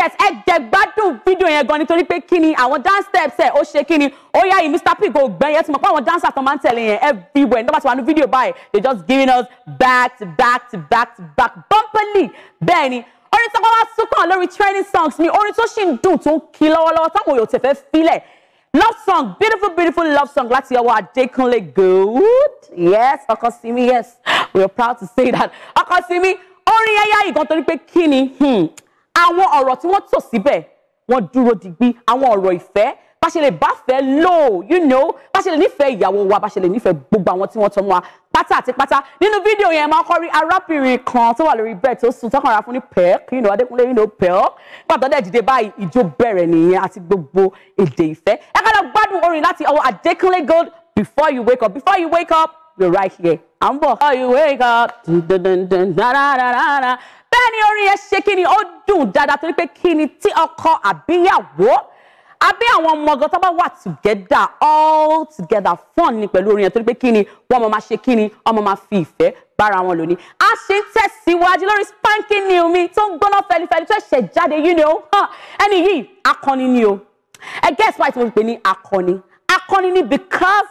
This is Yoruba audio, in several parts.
yes ẹ jẹ́ gbádùn fídíò yẹn gan nítorí pé kí ni àwọn dance steps ẹ̀ ó ṣe kí ni ó yá yìí Mr P kò gbẹ́ yẹn tí mo pé àwọn dancers tó máa ń tẹ̀lé yẹn everywhere nígbà tí wọ́n á nu fídíò báyìí they just giving us back to back to back to back bumperly bẹ́ẹ̀ ni orin tó kọ́ wá súnkàn lórí training songs ni orin tó sì ń dùn tó ń kí lọ́wọ́lọ́wọ́ táwọn èèyàn tẹ̀fẹ́ filẹ̀ love song beautiful beautiful love song láti ọwọ́ Adékúnlé good. yes ọkọ simi yes we are proud to say that ọkọ simi orin ẹyá yìí gan torí pé kí ni hmm, àwọn ọ̀rọ̀ tí wọ́n tò síbẹ̀ wọ́n dúró digbí àwọn ọ̀rọ̀ ìfẹ́ bá ṣe lè báfẹ́ lò you know bá ṣe lè nífẹ̀ẹ́ ìyàwó wa bá ṣe lè nífẹ̀ẹ́ gbogbo àwọn tí wọ́n tọ́ mọ́ wa pátá àti pátá nínú fídíò yẹn máa kọ́ rí arábìnrin kan tó wà lórí bẹ́ẹ̀ tó sùn tọkàn ara fún ní pẹ́ẹ́k you know adékúnlé you know pẹ́ẹ́k pàtó dẹ̀ dìde báyìí ìjó bẹ̀rẹ̀ nìyẹn àti gbogbo èdè ìfẹ́ ẹ ká lọ gbádùn orin láti ọwọ́ adékúnlé gold before you wake up before you wake up you're right here à ń before you wake up bẹ́ẹ̀ ni orin yẹn ṣe kí ni ó dùn dáadáa torí pé kí ni tí ọkọ àbíyàwó àbí àwọn ọmọ ọgọ́ tó bá wà together all together fun ni pẹ̀lú orin yẹn torí pé kí ni wọ́n máa ṣe kí ni ọmọ máa fi ìfẹ́ bára wọn lò ní. a ṣe ń tẹ̀síwájú lórí spanking ni omi tó ń gbóná fẹlifẹli tó ṣẹ̀ jáde yìí ni ó hàn ẹni yìí akọni ni o ẹ guess why tí mo pè ní akọni akọni ni because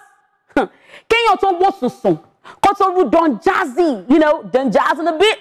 kéèyàn tó wò sùnsùn kó tó rú Don Jazzy you know Don Jazzy the beat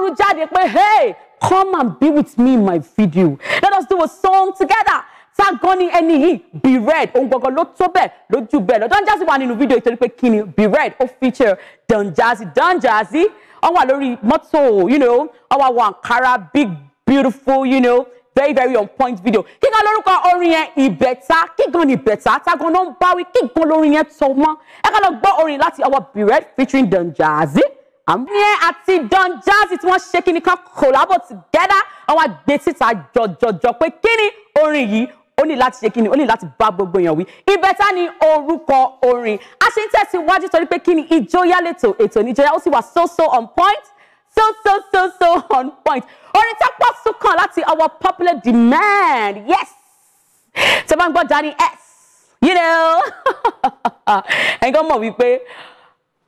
lóru jáde pé hey come and be with me in my video let us do a song together tágan ni ẹni yìí be red ohun gbọ̀ngàn ló tó bẹ́ẹ̀ lójú bẹ́ẹ̀ lọ Don Jazzy wà nínú fídíò ìtọ́jú pé kí ni be red ó feature Don Jazzy Don Jazzy wọ́n wà lórí mọ́tò you know wọ́n wà wọ àǹkárá big beautiful you know very very on point video kíkan lórúkọ orin yẹn ìbẹ̀ta kíkan ni ìbẹ̀ta tágan ló ń báwí kíkan lórin yẹn tọ́ mọ́ ẹ ká lọ gbọ́ orin láti ọwọ́ be red featuring Don Jazzy. I'm here at the Don Jazzy tí wọ́n shaking. kíni can collaborate together àwọn àgbẹ̀ it jọjọjọ pé kíni orin yìí ó ní láti Only kíni shaking. Only láti bá gbogbo èèyàn It better ni orúkọ orin a ṣe ń tẹ̀síwájú torí pé kíni ìjọyà lẹ́tọ̀ ètò níjọyà ó sì wà so so on point so so so so on point orin tó pọ̀ tún kàn láti our popular demand yes tó bá ń gbọ́ Danny S you know And ń gbọ́ we pay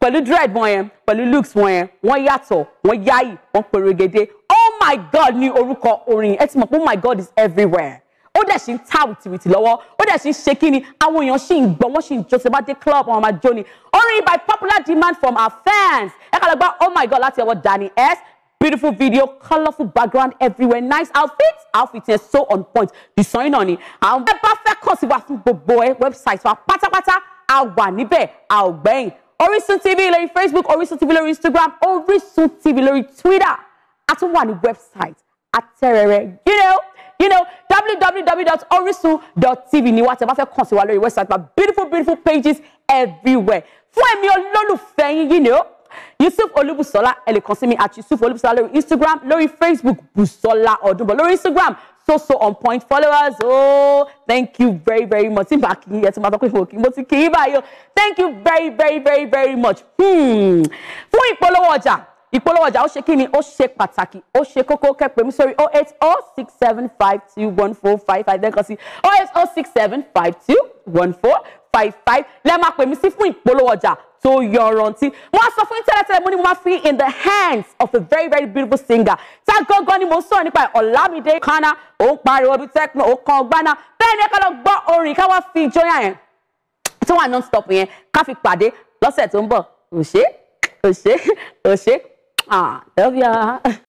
pẹ̀lú dread wọn yẹn pẹ̀lú looks wọn yẹn wọ́n yàtọ̀ wọ́n yáyì wọ́n pèrègede oh my god ní orúkọ orin ẹ ti mọ̀ pé oh my god is everywhere ó dẹ̀ sì ń ta wìtìwìtì lọ́wọ́ ó dẹ̀ sì ń ṣe kíni àwọn èèyàn sì ń gbọ́ wọ́n sì ń jọ́sẹ̀ bá dé club àwọn máa jó ni orin by popular demand from our fans ẹ kàn lọ oh my god láti ọwọ́ Danny S beautiful video colourful background everywhere nice outfit outfit yẹn so on point ìsọyìn náà ni àwọn ẹ bá fẹ́ kàn sí wa fún gbogbo ẹ eh, website wa pátápátá a wà níbẹ̀ a ò gbẹ̀yìn Orísun TV lórí Facebook Orísun TV lórí Instagram Orísun TV lórí Twitter a tún wà ní website àtẹrẹrẹ you know you know www.orisun.tv ni wá tẹ bá fẹ́ kàn sí wa lórí website but beautiful beautiful pages everywhere fún èmi olólùfẹ́ yín yìí ni ó yusuf olúbùsọ́lá ẹ lè kàn sí mi at yusuf olúbùsọ́lá lórí instagram lórí facebook bùsọ́lá ọdúnbọ̀ lórí instagram so so on point followers oh thank you very very much nígbà kí ẹ ti máa sọ mo ti kì í thank you very very very very much hmm. fún ìpolówó ọjà ìpolówó ọjà ó ṣe kí ni ó ṣe pàtàkì ó ṣe kókó kẹ́pẹ́ mi Sorry. oh eight oh six seven five two one four five five lẹ́ẹ̀kan sí oh eight oh six seven five two one four five five lẹ́ẹ̀ máa pè mí sí fún ìpolówó ọjà tó yọrantí. mo á sọ fún tẹ́lẹ̀tẹ́lẹ̀ mo ní mo máa fi in the hands of a very very beautiful singer tá gángan ni mo ń sọ̀rọ̀ nípa ẹ̀ Ọ̀làmídé Kánà òun pariwo bíi tẹ́kùnà òun kan gbáná bẹ́ẹ̀ ni ẹ ká lọ gbọ́ orin ká wá fi jóyà yẹn tí wọ́n à non stop yẹn ká fi pàdé lọ́sẹ̀ tó ń bọ̀ òṣè òṣè òṣè ah love ya.